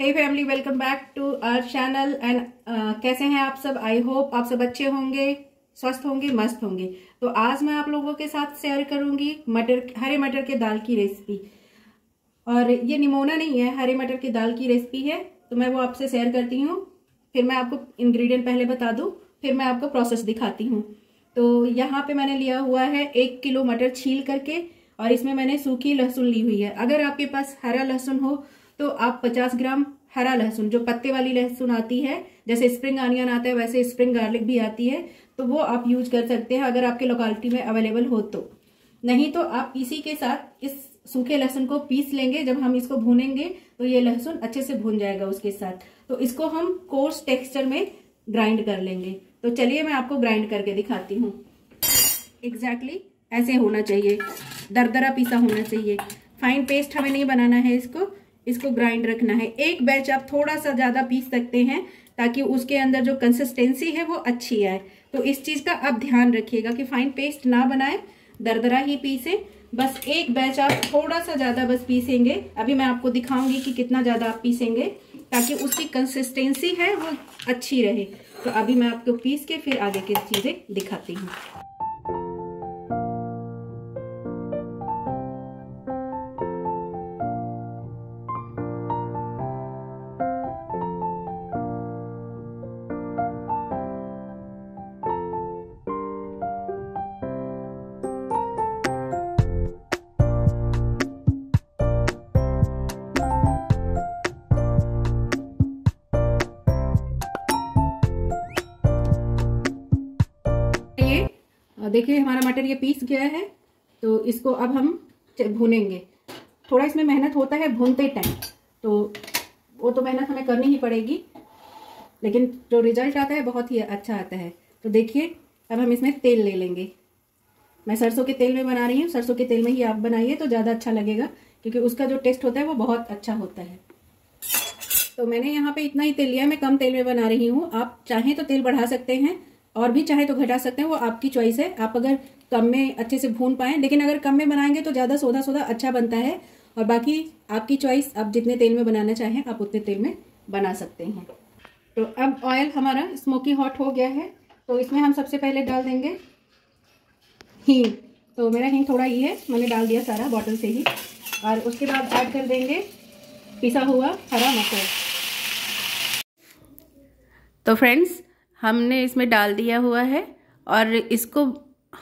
hey family welcome back to our channel and कैसे हैं आप सब आई होप आप सब अच्छे होंगे स्वस्थ होंगे मस्त होंगे तो आज मैं आप लोगों के साथ शेयर करूंगी मटर हरे मटर के दाल की रेसिपी और ये निमोना नहीं है हरे मटर की दाल की रेसिपी है तो मैं वो आपसे शेयर करती हूँ फिर मैं आपको इन्ग्रीडियंट पहले बता दूँ फिर मैं आपको प्रोसेस दिखाती हूँ तो यहाँ पर मैंने लिया हुआ है एक किलो मटर छील करके और इसमें मैंने सूखी लहसुन ली हुई है अगर आपके पास हरा लहसुन हो तो आप 50 ग्राम हरा लहसुन जो पत्ते वाली लहसुन आती है जैसे स्प्रिंग आनियन आता है वैसे स्प्रिंग गार्लिक भी आती है तो वो आप यूज कर सकते हैं अगर आपके लोकालिटी में अवेलेबल हो तो नहीं तो आप इसी के साथ इस सूखे लहसुन को पीस लेंगे जब हम इसको भूनेंगे तो ये लहसुन अच्छे से भून जाएगा उसके साथ तो इसको हम कोर्स टेक्सचर में ग्राइंड कर लेंगे तो चलिए मैं आपको ग्राइंड करके दिखाती हूँ एग्जैक्टली exactly ऐसे होना चाहिए दरदरा पीसा होना चाहिए फाइन पेस्ट हमें नहीं बनाना है इसको इसको ग्राइंड रखना है एक बैच आप थोड़ा सा ज़्यादा पीस सकते हैं ताकि उसके अंदर जो कंसिस्टेंसी है वो अच्छी आए तो इस चीज़ का आप ध्यान रखिएगा कि फाइन पेस्ट ना बनाए दरदरा ही पीसें बस एक बैच आप थोड़ा सा ज़्यादा बस पीसेंगे अभी मैं आपको दिखाऊंगी कि कितना ज़्यादा आप पीसेंगे ताकि उसकी कंसिस्टेंसी है वो अच्छी रहे तो अभी मैं आपको पीस के फिर आगे की चीज़ें दिखाती हूँ देखिए हमारा मटर ये पीस गया है तो इसको अब हम भूनेंगे थोड़ा इसमें मेहनत होता है भूनते टाइम तो वो तो मेहनत हमें करनी ही पड़ेगी लेकिन जो रिजल्ट आता है बहुत ही अच्छा आता है तो देखिए अब हम इसमें तेल ले लेंगे मैं सरसों के तेल में बना रही हूँ सरसों के तेल में ही आप बनाइए तो ज़्यादा अच्छा लगेगा क्योंकि उसका जो टेस्ट होता है वो बहुत अच्छा होता है तो मैंने यहाँ पे इतना ही तेल लिया मैं कम तेल में बना रही हूँ आप चाहें तो तेल बढ़ा सकते हैं और भी चाहे तो घटा सकते हैं वो आपकी चॉइस है आप अगर कम में अच्छे से भून पाए लेकिन अगर कम में बनाएंगे तो ज़्यादा सोधा सोधा अच्छा बनता है और बाकी आपकी चॉइस आप जितने तेल में बनाना चाहें आप उतने तेल में बना सकते हैं तो अब ऑयल हमारा स्मोकी हॉट हो गया है तो इसमें हम सबसे पहले डाल देंगे हींग तो मेरा हींग थोड़ा ही है मैंने डाल दिया सारा बॉटल से ही और उसके बाद ऐड कर देंगे पिसा हुआ हरा मटर तो फ्रेंड्स हमने इसमें डाल दिया हुआ है और इसको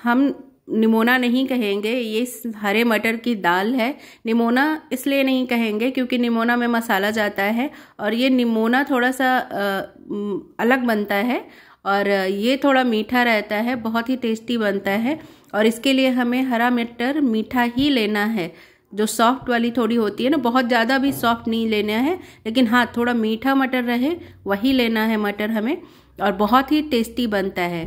हम निमोना नहीं कहेंगे ये हरे मटर की दाल है निमोना इसलिए नहीं कहेंगे क्योंकि निमोना में मसाला जाता है और ये निमोना थोड़ा सा अलग बनता है और ये थोड़ा मीठा रहता है बहुत ही टेस्टी बनता है और इसके लिए हमें हरा मटर मीठा ही लेना है जो सॉफ्ट वाली थोड़ी होती है ना बहुत ज़्यादा भी सॉफ्ट नहीं लेना है लेकिन हाँ थोड़ा मीठा मटर रहे वही लेना है मटर हमें और बहुत ही टेस्टी बनता है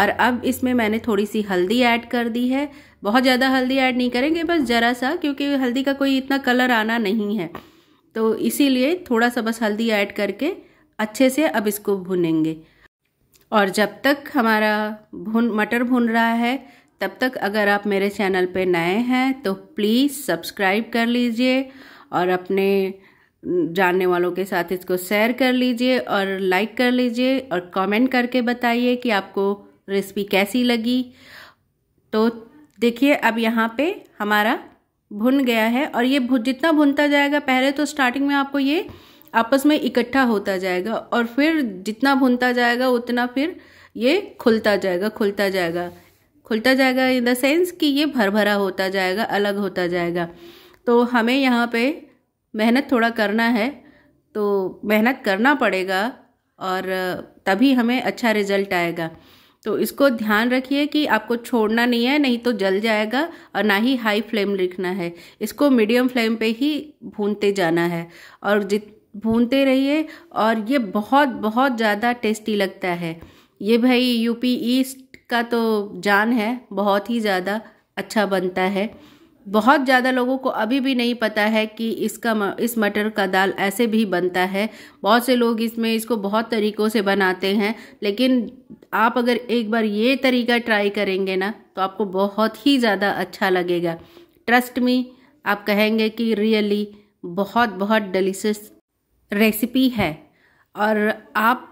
और अब इसमें मैंने थोड़ी सी हल्दी ऐड कर दी है बहुत ज़्यादा हल्दी ऐड नहीं करेंगे बस ज़रा सा क्योंकि हल्दी का कोई इतना कलर आना नहीं है तो इसीलिए थोड़ा सा बस हल्दी ऐड करके अच्छे से अब इसको भुनेंगे और जब तक हमारा भुन मटर भुन रहा है तब तक अगर आप मेरे चैनल पे नए हैं तो प्लीज़ सब्सक्राइब कर लीजिए और अपने जानने वालों के साथ इसको शेयर कर लीजिए और लाइक कर लीजिए और कमेंट करके बताइए कि आपको रेसिपी कैसी लगी तो देखिए अब यहाँ पे हमारा भुन गया है और ये भुन जितना भुनता जाएगा पहले तो स्टार्टिंग में आपको ये आपस में इकट्ठा होता जाएगा और फिर जितना भुनता जाएगा उतना फिर ये खुलता जाएगा खुलता जाएगा खुलता जाएगा इन द सेंस कि ये भर भरा होता जाएगा अलग होता जाएगा तो हमें यहाँ पे मेहनत थोड़ा करना है तो मेहनत करना पड़ेगा और तभी हमें अच्छा रिजल्ट आएगा तो इसको ध्यान रखिए कि आपको छोड़ना नहीं है नहीं तो जल जाएगा और ना ही हाई फ्लेम रखना है इसको मीडियम फ्लेम पे ही भूनते जाना है और जित भूनते रहिए और ये बहुत बहुत ज़्यादा टेस्टी लगता है ये भाई यूपी ईस्ट का तो जान है बहुत ही ज़्यादा अच्छा बनता है बहुत ज़्यादा लोगों को अभी भी नहीं पता है कि इसका इस मटर का दाल ऐसे भी बनता है बहुत से लोग इसमें इसको बहुत तरीक़ों से बनाते हैं लेकिन आप अगर एक बार ये तरीका ट्राई करेंगे ना तो आपको बहुत ही ज़्यादा अच्छा लगेगा ट्रस्ट मी आप कहेंगे कि रियली बहुत बहुत डिलीशियस रेसिपी है और आप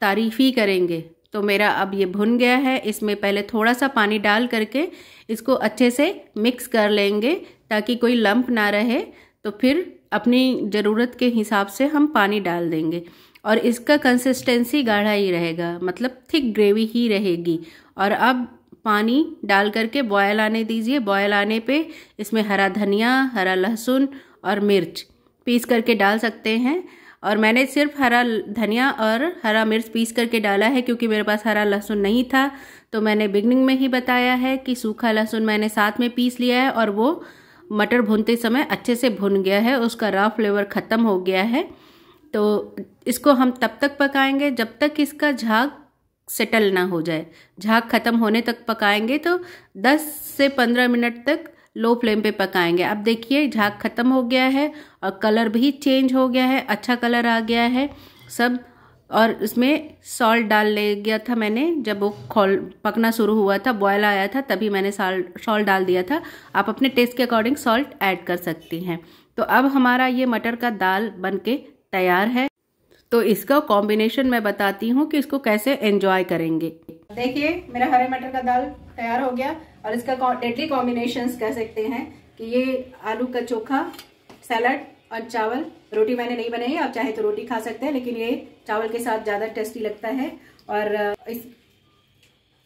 तारीफ़ ही करेंगे तो मेरा अब ये भुन गया है इसमें पहले थोड़ा सा पानी डाल करके इसको अच्छे से मिक्स कर लेंगे ताकि कोई लंप ना रहे तो फिर अपनी ज़रूरत के हिसाब से हम पानी डाल देंगे और इसका कंसिस्टेंसी गाढ़ा ही रहेगा मतलब थिक ग्रेवी ही रहेगी और अब पानी डाल करके बॉयल आने दीजिए बॉयल आने पे इसमें हरा धनिया हरा लहसुन और मिर्च पीस करके डाल सकते हैं और मैंने सिर्फ हरा धनिया और हरा मिर्च पीस करके डाला है क्योंकि मेरे पास हरा लहसुन नहीं था तो मैंने बिगनिंग में ही बताया है कि सूखा लहसुन मैंने साथ में पीस लिया है और वो मटर भूनते समय अच्छे से भुन गया है उसका रॉ फ्लेवर ख़त्म हो गया है तो इसको हम तब तक पकाएंगे जब तक इसका झाग सेटल ना हो जाए झाग ख़त्म होने तक पकाएंगे तो 10 से 15 मिनट तक लो फ्लेम पे पकाएंगे अब देखिए झाग ख़त्म हो गया है और कलर भी चेंज हो गया है अच्छा कलर आ गया है सब और इसमें सॉल्ट डाल ले गया था मैंने जब वो खोल पकना शुरू हुआ था बॉयल आया था तभी मैंने सॉल्ट सॉल्ट डाल दिया था आप अपने टेस्ट के अकॉर्डिंग सॉल्ट ऐड कर सकती हैं तो अब हमारा ये मटर का दाल बन के तैयार है तो इसका कॉम्बिनेशन मैं बताती हूँ कि इसको कैसे एन्जॉय करेंगे देखिए मेरा हरे मटर का दाल तैयार हो गया और इसका डेडली कॉम्बिनेशन कह सकते हैं कि ये आलू का चोखा सैलड और चावल रोटी मैंने नहीं बनाई आप चाहे तो रोटी खा सकते हैं लेकिन ये चावल के साथ ज़्यादा टेस्टी लगता है और इस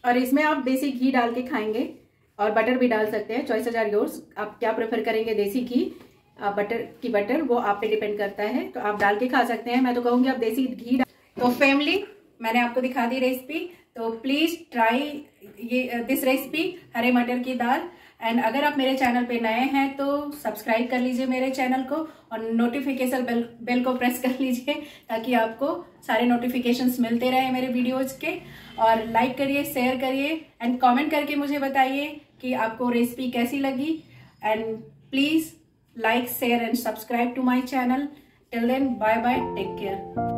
और इसमें आप देसी घी डाल के खाएंगे और बटर भी डाल सकते हैं चॉइस हजार योर्स आप क्या प्रेफर करेंगे देसी घी बटर की बटर वो आप पे डिपेंड करता है तो आप डाल के खा सकते हैं मैं तो कहूँगी आप देसी घी तो फैमिली मैंने आपको दिखा दी रेसिपी तो प्लीज़ ट्राई ये दिस रेसिपी हरे मटर की दाल एंड अगर आप मेरे चैनल पे नए हैं तो सब्सक्राइब कर लीजिए मेरे चैनल को और नोटिफिकेशन बेल बेल को प्रेस कर लीजिए ताकि आपको सारे नोटिफिकेशंस मिलते रहे मेरे वीडियोज के और लाइक करिए शेयर करिए एंड कमेंट करके मुझे बताइए कि आपको रेसिपी कैसी लगी and please like share and subscribe to my channel till then bye bye take care